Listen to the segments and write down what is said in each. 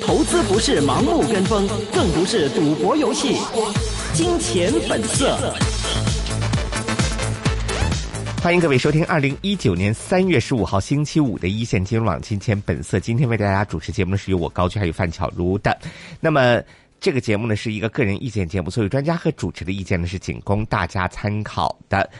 投資不是盲目跟風，更不是賭博遊戲。金錢本色，歡迎各位收聽二零一九年三月十五號星期五的一線金融網《金錢本色》。今天為大家主持節目的是由我高軍、嗯、還有范巧如的。那麼這個節目呢是一個個人意見節目，所有專家和主持的意見呢是僅供大家參考的。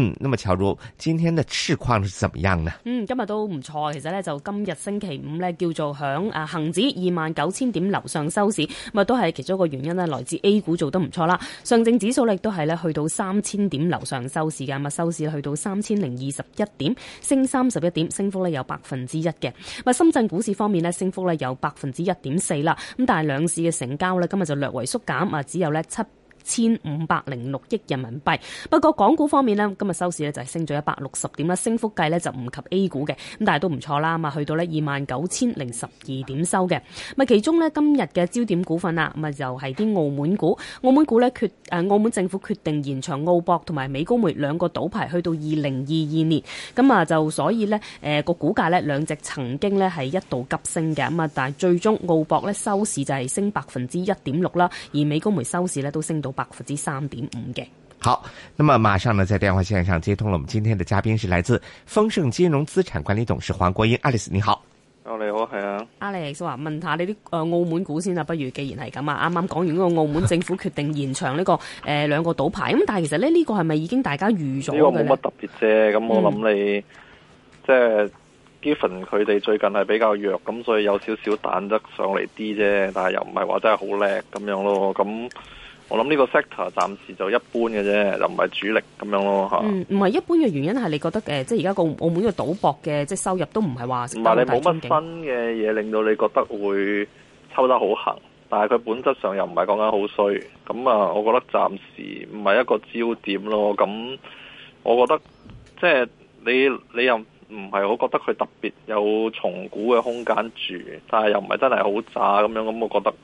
嗯，那麼巧如今天的市況是怎麼樣呢？嗯，今日都唔錯，其實呢，就今日星期五呢，叫做響誒恒指二萬九千點樓上收市，咁啊都係其中一個原因呢，來自 A 股做得唔錯啦，上證指數亦都係呢去到三千點樓上收市嘅，咁啊收市去到三千零二十一點，升三十一點，升幅呢有百分之一嘅，咁啊深圳股市方面呢，升幅呢有百分之一點四啦，咁但係兩市嘅成交呢，今日就略為縮減啊，只有呢，七千五百零六億人民幣。不過港股方面呢，今日收市呢就係升咗一百六十點啦，升幅計呢就唔及 A 股嘅，咁但係都唔錯啦，啊去到呢二萬九千零十二點收嘅。其中呢，今日嘅焦點股份啊，咪就係啲澳門股，澳門股呢決誒澳門政府決定延長澳博同埋美高梅兩個賭牌去到二零二二年，咁啊就所以呢，誒個股價呢兩隻曾經呢係一度急升嘅，咁啊但係最終澳博呢收市就係升百分之一點六啦，而美高梅收市呢都升到。百分之三點五嘅。好，咁啊，馬上呢，在電話線上接通了。我們今天的嘉賓是來自豐盛金融資產管理董事黃國英，Alice，你好。哦，你好，係啊。Alice 話：問下你啲誒、呃、澳門股先啦、啊。不如既然係咁啊，啱啱講完嗰個澳門政府決定延長呢、這個誒、 呃、兩個賭牌，咁但係其實呢，呢、這個係咪已經大家預咗嘅？呢個冇乜特別啫。咁我諗你、嗯、即係 Gavin 佢哋最近係比較弱，咁所以有少少彈得上嚟啲啫。但係又唔係話真係好叻咁樣咯。咁我諗呢個 sector 暫時就一般嘅啫，就唔係主力咁樣咯，吓、嗯。唔係一般嘅原因係你覺得，即係而家個澳門嘅賭博嘅即係收入都唔係話唔係你冇乜分嘅嘢，令到你覺得會抽得好行，但係佢本質上又唔係講緊好衰，咁啊，我覺得暫時唔係一個焦點咯。咁我覺得即係你你又唔係好覺得佢特別有重估嘅空間住，但係又唔係真係好渣咁樣，咁我覺得。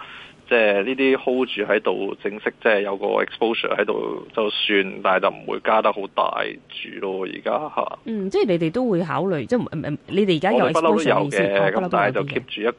即係呢啲 hold 住喺度，正式，即係有個 exposure 喺度就算，但係就唔會加得好大住咯。而家嚇，嗯，即係你哋都會考慮，即係、嗯、你哋而家有 exposure 嘅，咁的、哦、但係就 keep 住一個，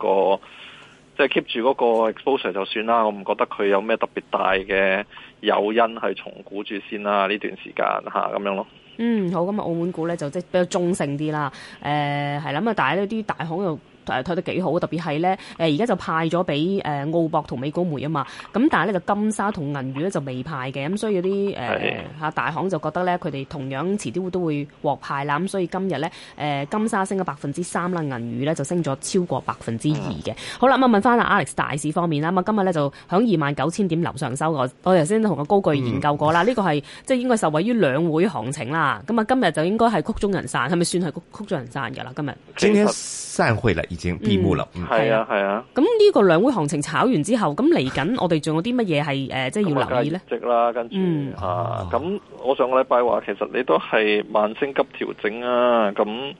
即係、哦哦、keep 住嗰個 exposure 就算啦。我唔覺得佢有咩特別大嘅誘因係重估住先啦。呢段時間嚇咁樣咯。嗯，好，咁啊，澳門股咧就即係比較中性啲啦。誒、呃，係啦，咁啊，但係呢啲大行又。推得幾好，特別係咧誒而家就派咗俾誒澳博同美高梅啊嘛，咁但係呢就金沙同銀娛咧就未派嘅，咁、嗯、所以有啲誒嚇大行就覺得咧佢哋同樣遲啲會都會獲派啦，咁、嗯、所以今日咧誒金沙升咗百分之三啦，銀娛咧就升咗超過百分之二嘅。嗯、好啦，咁、嗯、啊問翻阿 Alex 大市方面啦，咁、嗯、啊今日咧就響二萬九千點樓上收，過我哋頭先同個高據研究過啦，呢、嗯、個係即係應該受惠於兩會行情啦。咁、嗯、啊今日就應該係曲終人散，係咪算係曲曲終人散嘅啦？今日？今天散會啦。跌係啊，係啊，咁呢、啊啊、個兩會行情炒完之後，咁嚟緊我哋仲有啲乜嘢係誒，即係、 呃就是、要留意呢？積啦、嗯，跟、嗯、住，啊，咁我上個禮拜話，其實你都係慢升急調整啊，咁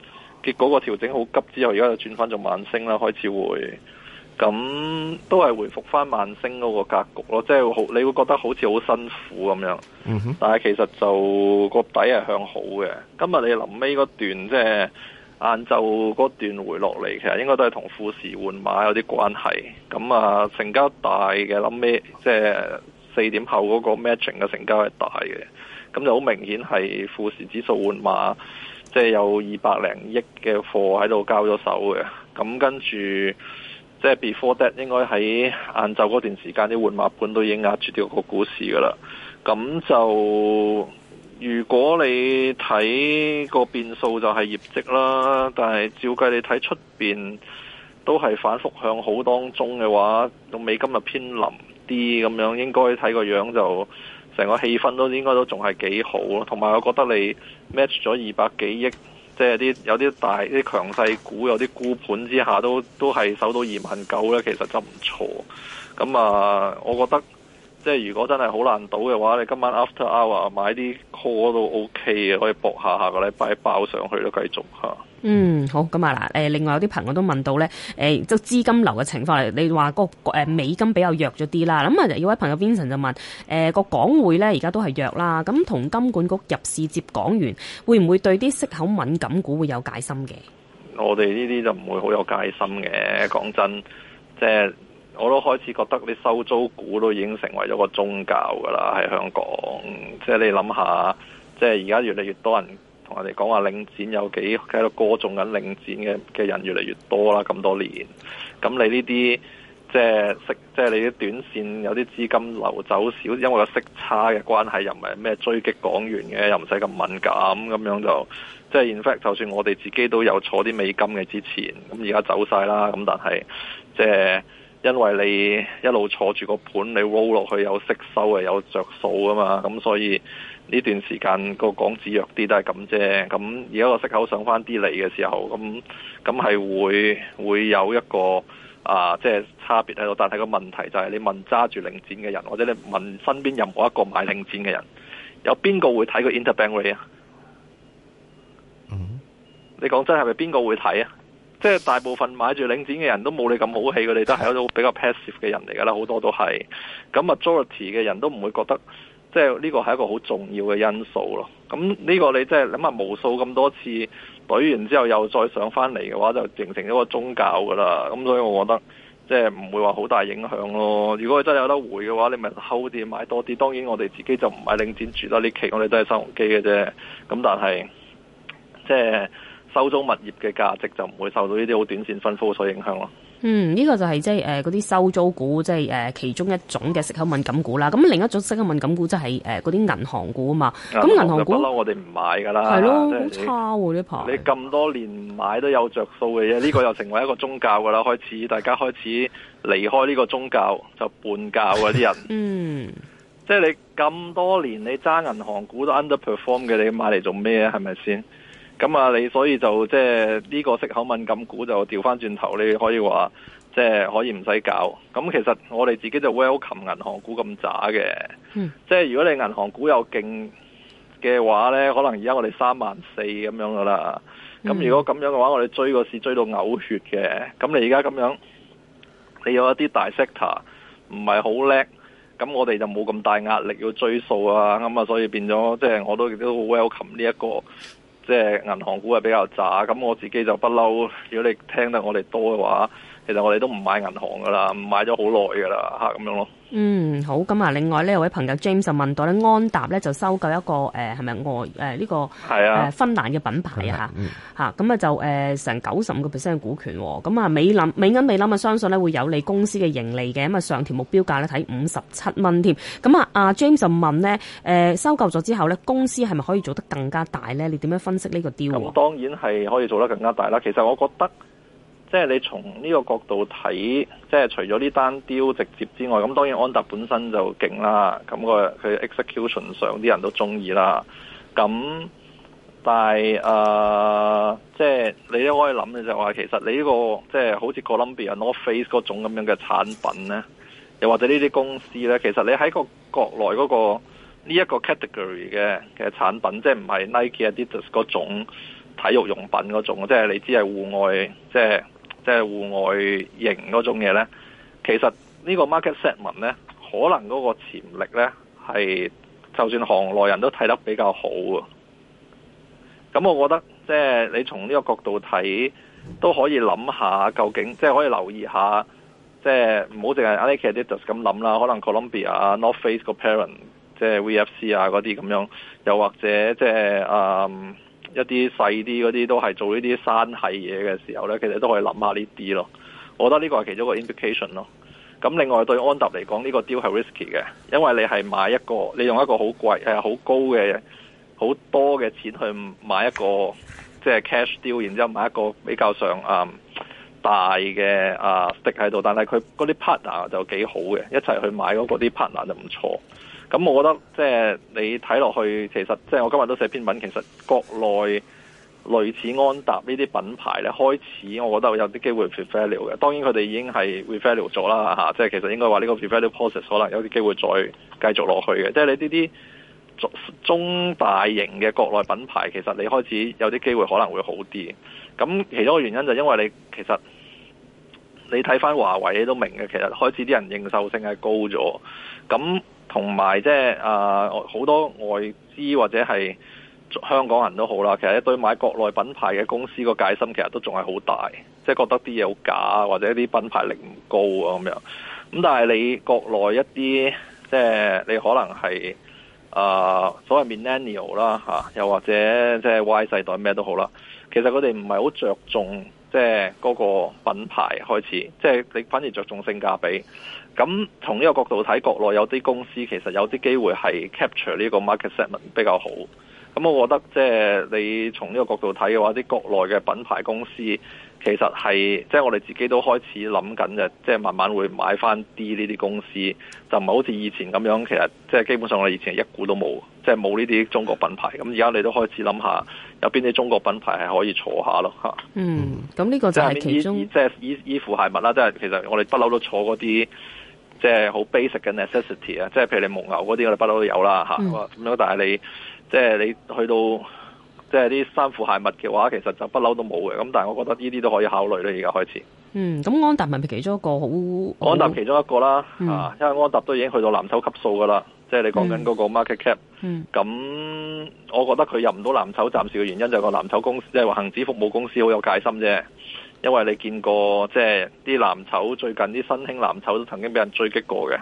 結果個調整好急之後，而家又轉翻做慢升啦，開始會回，咁都係回復翻慢升嗰個格局咯，即係好你會覺得好似好辛苦咁樣，嗯、哼但係其實就、個底係向好嘅，今日你臨尾嗰段即、就、係、是。晏晝嗰段回落嚟，其實應該都係同富時換碼有啲關係。咁啊，成交大嘅諗咩？即係四點後嗰個 matching 嘅成交係大嘅，咁就好明顯係富時指數換碼，即係有二百零億嘅貨喺度交咗手嘅。咁跟住，即係 before that，應該喺晏晝嗰段時間啲換碼盤都已經壓住咗個股市噶啦。咁就。如果你睇個變數就係業績啦，但係照計你睇出面都係反覆向好當中嘅話，到尾今日偏軟啲咁樣，應該睇個樣就成個氣氛都應該都仲係幾好咯。同埋我覺得你 match 咗二百幾億，即係啲有啲大啲強勢股，有啲沽盤之下都都係守到二萬九咧，其實就唔錯。咁啊，我覺得即係如果真係好難倒嘅話，你今晚 after hour 買啲。波都、哦、OK 嘅，可以搏下下個禮拜爆上去都繼續吓。嗯，好咁啊嗱。誒，另外有啲朋友都問到咧，誒、欸，即資金流嘅情況嚟，你話個誒美金比較弱咗啲啦。咁啊，有位朋友 Vincent 就問，誒、欸、個港匯咧而家都係弱啦。咁同金管局入市接港元，會唔會對啲息口敏感股會有戒心嘅？我哋呢啲就唔會好有戒心嘅。講真，即係。我都開始覺得啲收租股都已經成為咗個宗教㗎啦，喺香港。即係你諗下，即係而家越嚟越多人同我哋講話領展有幾喺度歌頌緊領展嘅嘅人越嚟越多啦。咁多年，咁你呢啲即係即係你啲短線有啲資金流走少，因為個息差嘅關係，又唔係咩追擊港元嘅，又唔使咁敏感咁樣就，即係 in fact，就算我哋自己都有坐啲美金嘅之前，咁而家走晒啦，咁但係即係。因為你一路坐住個盤，你 roll 落去有息收啊，有着數啊嘛，咁所以呢段時間個港紙弱啲都係咁啫。咁而家個息口上翻啲嚟嘅時候，咁咁係會會有一個啊，即係差別喺度。但係個問題就係你問揸住領展嘅人，或者你問身邊任何一個買領展嘅人，有邊個會睇個 interbank rate 啊？你講真係咪邊個會睇啊？即係大部分買住領展嘅人都冇你咁好氣，佢哋都係一種比較 passive 嘅人嚟㗎啦，好多都係。咁 majority 嘅人都唔會覺得，即係呢個係一個好重要嘅因素咯。咁呢個你即係諗下無數咁多次隊完之後又再上返嚟嘅話，就形成咗個宗教㗎啦。咁所以我覺得即係唔會話好大影響咯。如果你真係有得回嘅話，你咪厚啲買多啲。當然我哋自己就唔係領展住啦，呢期我哋都係收紅機嘅啫。咁但係即係。收租物業嘅價值就唔會受到呢啲好短線分科所影響咯。嗯，呢、這個就係即係誒嗰啲收租股，即係誒其中一種嘅息口敏感股啦。咁另一種息口敏感股即係誒嗰啲銀行股啊嘛。咁銀行股咯，我哋唔買噶啦。係咯的，好差喎呢排。這你咁多年買都有着數嘅，嘢，呢個又成為一個宗教噶啦。 開始大家開始離開呢個宗教就叛教啊啲人。 嗯，即係你咁多年你揸銀行股都 underperform 嘅，你買嚟做咩啊？係咪先？是咁啊，你所以就即係呢個息口敏感股就調翻轉頭，你可以話即係可以唔使搞。咁其實我哋自己就 welcome 銀行股咁渣嘅，即係如果你銀行股有勁嘅話咧，可能而家我哋三萬四咁樣噶啦。咁如果咁樣嘅話，我哋追個市追到嘔血嘅。咁你而家咁樣，你有一啲大 sector 唔係好叻，咁我哋就冇咁大壓力要追數啊。咁啊，所以變咗即係我都都好 welcome 呢一個。即係銀行股係比較渣，咁我自己就不嬲。如果你聽得我哋多嘅話，其實我哋都唔買銀行噶啦，唔買咗好耐噶啦吓，咁樣咯。嗯，好，咁啊，另外呢有位朋友 James 就問到咧，安踏咧就收購一個誒，係咪外誒呢個係是啊、呃、芬蘭嘅品牌啊吓吓，咁、嗯、啊那就誒成九十五個 percent 嘅股權。咁、嗯、啊美林美銀美林啊，相信咧會有利公司嘅盈利嘅，咁啊上調目標價咧睇五十七蚊添。咁、嗯、啊阿 James 就問咧，誒、呃、收購咗之後咧，公司係咪可以做得更加大咧？你點樣分析呢個 deal？咁當然係可以做得更加大啦。其實我覺得。即係你從呢個角度睇，即係除咗呢單 deal 直接之外，咁當然安踏本身就勁啦，咁個佢 execution 上啲人都中意啦。咁但係誒，即、呃、係、就是、你都可以諗嘅就係、是、話，其實你呢、這個即係、就是、好似 Columbia North Face 嗰種咁樣嘅產品呢，又或者呢啲公司呢，其實你喺個國內嗰、那個呢一、這個 category 嘅嘅產品，即係唔係 Nike Adidas 嗰種體育用品嗰種，即係你只係戶外即係。就是即係戶外型嗰種嘢呢，其實呢個 market segment 呢，可能嗰個潛力呢，係，就算行內人都睇得比較好。咁我覺得即係、就是、你從呢個角度睇，都可以諗下究竟，即、就、係、是、可以留意下，即係唔好淨係啱啲 Adidas 咁諗啦。可能 Colombia、 North Face 個 parent，即係 VFC 啊嗰啲咁樣，又或者即係、就是 um, 一啲細啲嗰啲都係做呢啲山系嘢嘅時候呢，其實都可以諗下呢啲咯。我覺得呢個係其中一個 indication 咯。咁另外對安踏嚟講，呢、呢個 deal 係 risky 嘅，因為你係買一個，你用一個好貴、好高嘅、好多嘅錢去買一個即係、就係、cash deal，然之後買一個比較上、um, 大嘅啊 stake 喺度，但係佢嗰啲 partner 就幾好嘅，一齊去買嗰個啲 partner 就唔錯。咁我覺得即係你睇落去，其實即係我今日都寫篇文，其實國內類似安踏呢啲品牌呢，開始我覺得有啲機會 revalue 嘅。當然佢哋已經係 revalue 咗啦、啊、即係其實應該話呢個 revalue process 可能有啲機會再繼續落去嘅。即係你呢啲中大型嘅國內品牌，其實你開始有啲機會可能會好啲。咁其中一個原因就係因為你其實。你睇翻華為你都明嘅，其實開始啲人認受性係高咗，咁同埋即係啊好多外資或者係香港人都好啦，其實對買國內品牌嘅公司個戒心其實都仲係好大，即係覺得啲嘢好假或者啲品牌力唔高啊咁樣。咁但係你國內一啲即係你可能係啊、呃、所謂 millennial 啦吓、又或者即係 Y 世代咩都好啦，其實佢哋唔係好着重。即係嗰個品牌開始，即係你反而着重性價比。咁從呢個角度睇，國內有啲公司其實有啲機會係 capture 呢個 market segment 比較好。咁我覺得即係你從呢個角度睇嘅話，啲國內嘅品牌公司其實係即係我哋自己都開始諗緊嘅，即係慢慢會買翻啲呢啲公司，就唔係好似以前咁樣，其實即係基本上我哋以前一股都冇。即係冇呢啲中國品牌，咁而家你都開始諗下有邊啲中國品牌係可以坐下咯嚇。嗯，咁呢個就係其中，即係衣衣褲鞋襪啦。即係其實我哋不嬲都坐嗰啲，即係好 basic 嘅 necessity 啊。即係譬如你蒙牛嗰啲，我哋不嬲都有啦嚇。咁樣、嗯，但係你即係你去到即係啲衫褲鞋襪嘅話，其實就不嬲都冇嘅。咁但係我覺得呢啲都可以考慮咧，而家開始。嗯，咁安踏係咪其中一個好？很安踏其中一個啦，嚇、嗯，因為安踏都已經去到藍籌級數噶啦。即係你講緊嗰個 market cap，咁，嗯嗯、我覺得佢入唔到藍籌，暫時嘅原因就係個藍籌公司，即係話恆指服務公司好有戒心啫。因為你見過即係啲藍籌最近啲新興藍籌都曾經俾人追擊過嘅，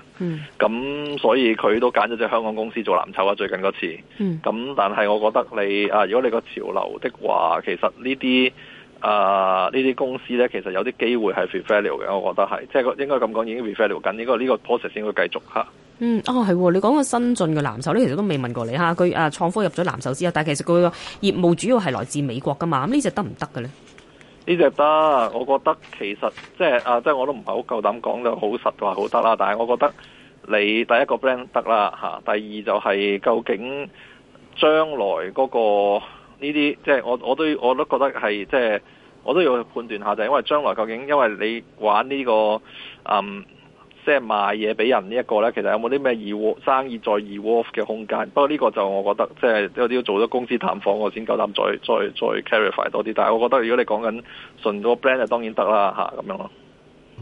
咁所以佢都揀咗隻香港公司做藍籌啊，最近嗰次，那次，嗯，咁但係我覺得你啊，如果你個潮流的話，其實呢啲啊呢啲公司呢，其實有啲機會係 revalue 嘅，value 我覺得係，即、就、係、是，應該咁講已經 revalue 緊，應該呢個 process 應該繼續嗯、哦，啊，係，你講個新進嘅藍籌，呢其實都未問過你吓，佢啊創科入咗藍籌之後，但係其實佢個業務主要係來自美國噶嘛，咁呢隻得唔得嘅咧？呢隻得，我覺得其實即係啊，即係我都唔係好夠膽講好實話好得啦，但係我覺得你第一個 brand 得啦吓，第二就係究竟將來嗰個呢啲，即係我我都我都覺得係即係我都要去判斷下，就係、因為將來究竟因為你玩呢個嗯。即係賣嘢俾人呢一個呢，其實有冇啲咩二沃生意再二沃嘅空間？不過呢個就我覺得，即係有啲要做咗公司探訪，我先夠膽再再再 clarify 多啲。但係我覺得如果你講緊順嗰個 brand，就當然得啦吓，咁樣咯。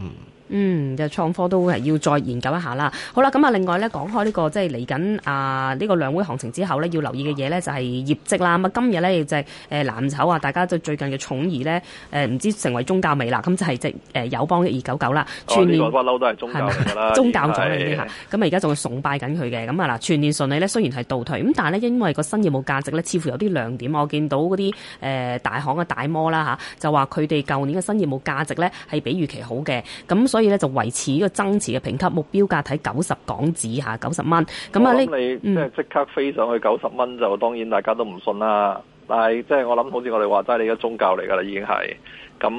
嗯嗯，就創科都係要再研究一下啦。好啦，咁啊，另外咧，講開呢、這個即係嚟緊啊，呢、這個兩會行情之後咧，要留意嘅嘢咧就係、是、業績啦。咁、嗯、啊，今日咧亦就係誒藍籌啊，大家就最近嘅寵兒咧誒，唔、呃、知成為宗教未啦咁就係即誒友邦二九九啦。嗯不啦哦、全年不嬲、哦這個、都係宗教啦是吧 宗教咗啦啲咁啊，而家仲崇拜緊佢嘅。咁啊嗱，全年順利咧，雖然係倒退，咁但係咧，因為個新業務價值咧，似乎有啲亮點。我見到嗰啲誒大行嘅大摩啦嚇、啊，就話佢哋舊年嘅新業務價值咧係比預期好嘅。咁所以。所以呢就維持呢個增持嘅評級，目標價睇九十港紙吓，九十蚊。咁啊，你即係即刻飛上去九十蚊，就當然大家都唔信啦。嗯、但係即係我諗，好似我哋話齋，你嘅宗教嚟噶啦，已經係咁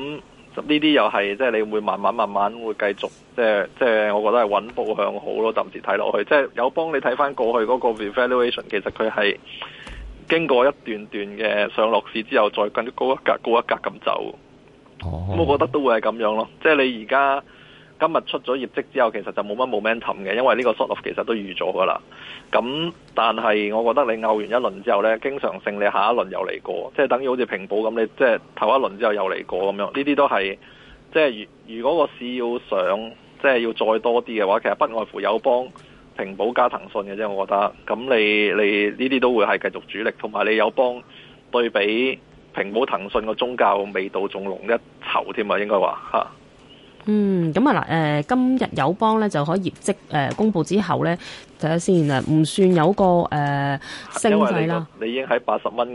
呢啲又係即係你會慢慢慢慢會繼續，即係即係我覺得係穩步向好咯。暫時睇落去，即係有幫你睇翻過去嗰個 valuation，其實佢係經過一段段嘅上落市之後，再跟高一格高一格咁走。咁、哦、我覺得都會係咁樣咯。即係你而家。今日出咗業績之後，其實就冇乜 momentum 嘅，因為呢個 sort of 其實都預咗噶啦。咁但係我覺得你拗完一輪之後呢，經常性你下一輪又嚟過，即係等於好似平保咁，你即係頭一輪之後又嚟過咁樣。呢啲都係即係如果個市要上，即係要再多啲嘅話，其實不外乎友邦、平保加騰訊嘅啫。我覺得咁你你呢啲都會係繼續主力，同埋你友邦對比平保騰訊嘅宗教味道仲濃一籌添啊，應該話嚇。嗯，咁啊嗱，誒，今日友邦咧就可以業績誒公布之後咧，睇下先啊，唔算有個誒升勢啦。呃、仔你已經喺八十蚊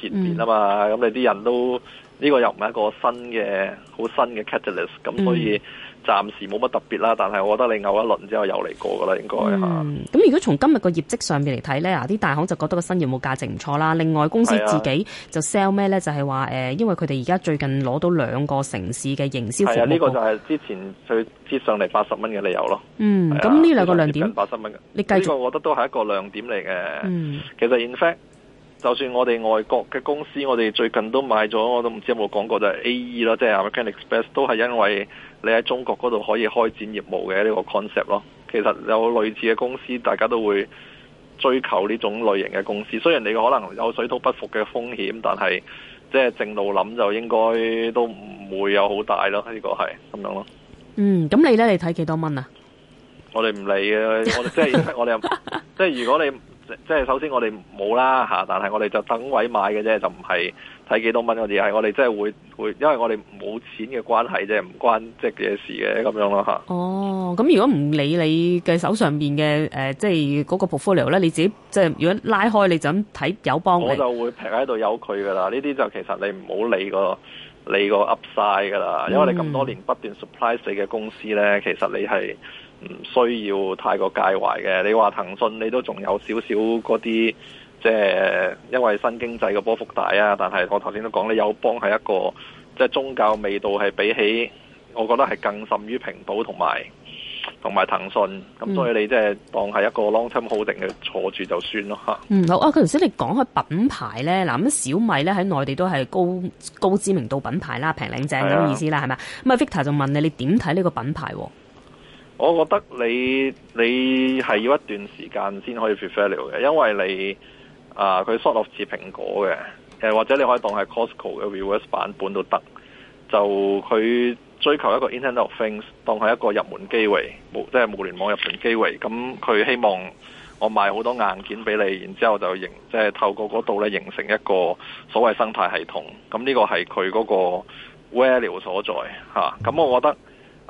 前面啊嘛，咁、嗯、你啲人都呢、這個又唔係一個新嘅好新嘅 catalyst，咁所以。嗯暫時冇乜特別啦，但係我覺得你牛一輪之後又嚟過噶啦，應該吓。嗯，咁如果從今日個業績上面嚟睇呢，嗱啲大行就覺得個新業務價值唔錯啦。另外公司自己就 sell 咩呢就係話誒，因為佢哋而家最近攞到兩個城市嘅營銷服務。係呢個就係之前佢接上嚟八十蚊嘅理由咯。嗯，咁呢兩個亮點，八十蚊，你繼續，呢個我覺得都係一個亮點嚟嘅。嗯，其實 in fact 就算我哋外國嘅公司，我哋最近都買咗，我都唔知有冇講過就係 AE 咯，即係 American Express，都係因為你喺中國嗰度可以開展業務嘅呢個 concept 咯。其實有類似嘅公司，大家都會追求呢種類型嘅公司。雖然你可能有水土不服嘅風險，但係即係正路諗就應該都唔會有好大咯。呢個係咁樣咯。嗯，咁你咧，你睇幾多蚊啊？我哋唔理嘅，我即係我哋即係如果你。即係首先我哋冇啦嚇，但係我哋就等位買嘅啫，就唔係睇幾多蚊嗰啲，係我哋即係會會，因為我哋冇錢嘅關係啫，唔關即嘅事嘅咁樣咯嚇。哦，咁如果唔理你嘅手上邊嘅誒即係嗰個 portfolio 咧，你自己即係如果拉開你就咁睇有幫你，我就會平喺度有佢噶啦。呢啲就其實你唔好理個理個 Upside 噶啦，因為你咁多年不斷 surprise 你嘅公司咧，其實你係。唔需要太過介懷嘅。你話騰訊，你都仲有少少嗰啲，即係因為新經濟嘅波幅大啊。但係我頭先都講你友邦係一個即係宗教味道係比起，我覺得係更甚於平保同埋同埋騰訊。咁、嗯、所以你即係當係一個 long term holding 坐住就算咯嚇。嗯，好啊。佢頭先你講開品牌咧，嗱咁小米咧喺內地都係高高知名度品牌啦，平靚正咁意思啦，係咪是、啊？咁啊，Victor 就問你，你點睇呢個品牌？我覺得你你係要一段時間先可以 prefer 你嘅，因為你啊佢 sort of 似蘋果嘅，或者你可以當係 Costco 嘅 reverse 版本都得。就佢追求一個 Internet of Things，當係一個入門機會，即係互聯網入門機會。咁佢希望我賣好多硬件俾你，然之後就形即、就是、透過嗰度咧形成一個所謂生態系統。咁呢個係佢嗰個 value 所在嚇。咁、啊、我覺得。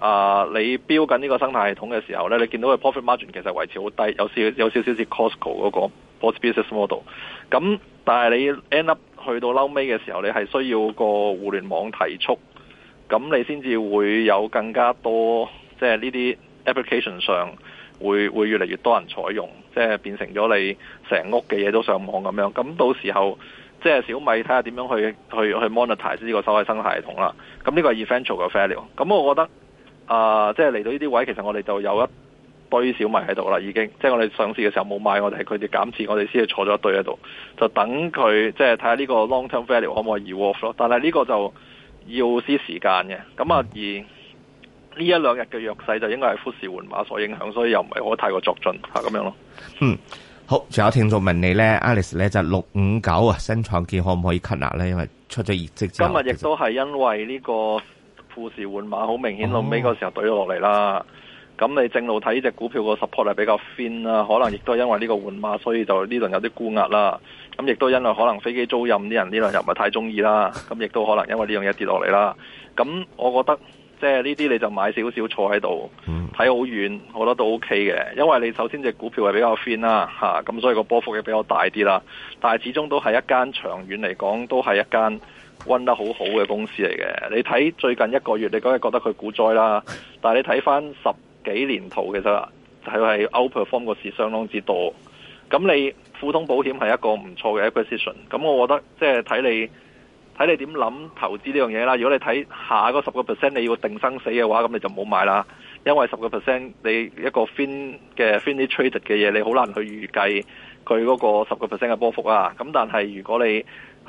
啊！Uh, 你標緊呢個生態系統嘅時候呢，你見到佢 profit margin 其實維持好低，有少有少少似 Costco 嗰個 business model。咁但係你 end up 去到嬲尾嘅時候，你係需要個互聯網提速，咁你先至會有更加多即係呢啲 application 上會會越嚟越多人採用，即係變成咗你成屋嘅嘢都上網咁樣。咁到時候即係小米睇下點樣去去去 monetize 呢個所謂生態系統啦。咁呢個 eventual 嘅 failure 咁我覺得。啊，即係嚟到呢啲位，其實我哋就有一堆小米喺度啦，已經。即係我哋上市嘅時候冇買，我哋係佢哋減持，我哋先係坐咗一堆喺度，就等佢即係睇下呢個 long term value 可唔可以 rework 咯。但係呢個就要啲時間嘅。咁啊，嗯、而呢一兩日嘅弱勢就應該係富時換馬所影響，所以又唔係我太過作盡咁、就是、樣咯。嗯，好。仲有聽眾問你呢 Alice 呢就六五九啊，新創建可唔可以吸納呢因為出咗業績之後今日亦都係因為呢、這個。富時換馬好明顯，到尾嗰時候懟咗落嚟啦。咁你正路睇呢隻股票個 support 係比較 fin 啦，可能亦都因為呢個換馬，所以就呢輪有啲沽壓啦。咁亦都因為可能飛機租賃啲人呢輪又唔係太中意啦。咁亦都可能因為呢樣嘢跌落嚟啦。咁我覺得即係呢啲你就買少少坐喺度，睇好、嗯、遠，我覺得都 OK 嘅。因為你首先隻股票係比較 fin 啦，咁、啊、所以個波幅亦比較大啲啦。但係始終都係一間，長遠嚟講都係一間。溫得好好嘅公司嚟嘅，你睇最近一個月你梗日覺得佢股災啦，但係你睇翻十幾年套，其實係 o p e r form 個市相當之多，咁你普通保險係一個唔錯嘅 e q u i t i o n，咁我覺得即係睇你睇你點諗投資呢樣嘢啦，如果你睇下個十個 percent 你要定生死嘅話，咁你就唔好買啦，因為十個 percent 你一個 fin 嘅 finny traded 嘅嘢你好難去預計佢嗰個十個 percent 嘅波幅啦，咁但係如果你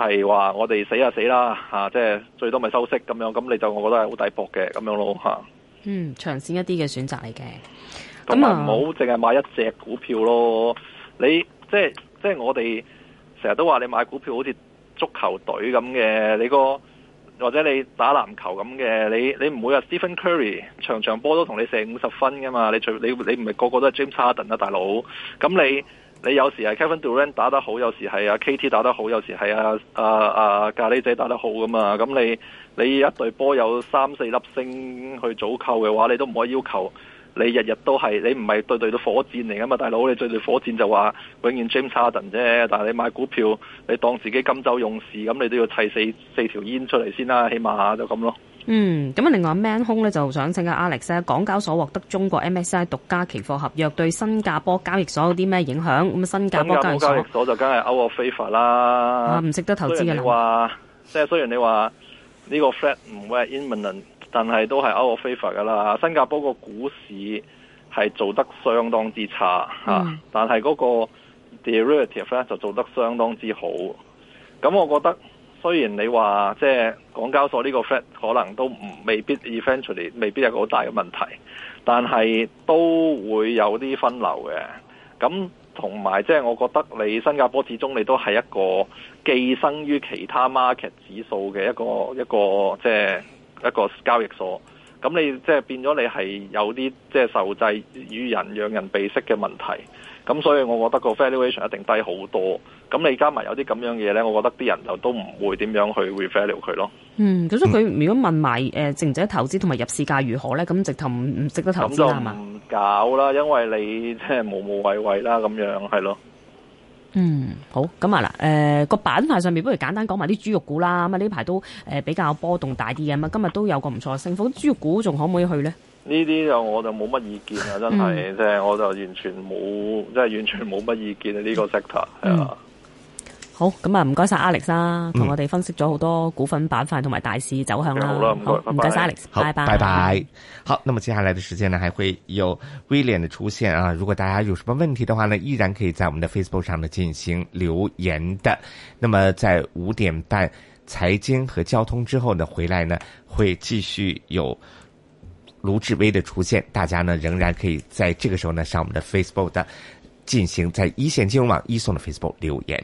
係話我哋死,就死啊死啦吓，即係最多咪收息咁樣，咁你就我覺得係好抵搏嘅咁樣咯吓。嗯，長線一啲嘅選擇嚟嘅，咁啊有，唔好淨係買一隻股票咯。你即係即係我哋成日都話你買股票好似足球隊咁嘅，你個或者你打籃球咁嘅，你你唔會有 Stephen Curry 場場波都同你四五十分噶嘛？你除你你唔係個個都係 James Harden 啊，大佬，咁你。嗯你有時係 Kevin Durant 打得好，有時係啊 KT 打得好，有時係啊，啊，啊咖喱仔打得好㗎嘛。咁你你一隊波有三四粒星去組購嘅話，你都唔可以要求你日日都係你唔係對對到火箭嚟㗎嘛！大佬你對對火箭就話永遠 James Harden 啫，但係你買股票你當自己金州勇士咁，你都要砌四四條煙出嚟先啦，起碼就咁咯。嗯，咁另外 Man 空咧，就想請下 Alex 啊，港交所獲得中國 MSCI 獨家期貨合約，對新加坡交易所有啲咩影響？咁新加坡交易所，所就梗係 out of favour 啦，唔值、啊、得投資嘅話，即係雖然你話呢個 flat 唔會係 imminent，但係都係 out of favour 噶啦。新加坡個股市係做得相當之差吓、啊啊，但係嗰個 derivative 咧就做得相當之好，咁我覺得。雖然你話即係港交所呢個 flat 可能都唔未必 eventually 未必有好大嘅問題，但係都會有啲分流嘅。咁同埋即係我覺得你新加坡始終你都係一個寄生於其他 market 指數嘅一個一個即係、就是、一個交易所。咁你即係、就是、變咗你係有啲即係受制於人、讓人避息嘅問題。咁所以我，我覺得個 valuation 一定低好多。咁你加埋有啲咁樣嘢咧，我覺得啲人就都唔會點樣去 revalue 佢咯。嗯，咁所以佢如果問埋誒、呃、值唔值得投資同埋入市價如何咧，咁直頭唔值得投資係嘛？咁唔搞啦，嗎因為你即係冇冇謂謂啦，咁樣係咯。嗯，好，咁啊嗱，個、呃、板塊上面，不如簡單講埋啲豬肉股啦。咁啊，呢排都比較波動大啲嘅。嘛。今日都有個唔錯嘅升幅，豬肉股仲可唔可以去咧？呢啲就我就冇乜意見啊，真係即係我就完全冇，即係完全冇乜意見呢、呢個 sector 係啊、嗯，好，咁啊唔該晒 Alex 啊，同我哋分析咗好多股份板塊同埋大市走向啦、啊嗯。好啦，謝謝好唔該晒 Alex，拜拜。好，拜拜。好，那麼接下來嘅時間呢，還會有威廉的出現啊。如果大家有什麼問題的話呢，依然可以在我們的 Facebook 上呢進行留言的。那麼在五點半財經和交通之後呢，回來呢會繼續有。盧志威的出現，大家呢仍然可以在這個時候呢上我們的 Facebook 的進行，在一線金融網一送的 Facebook 留言。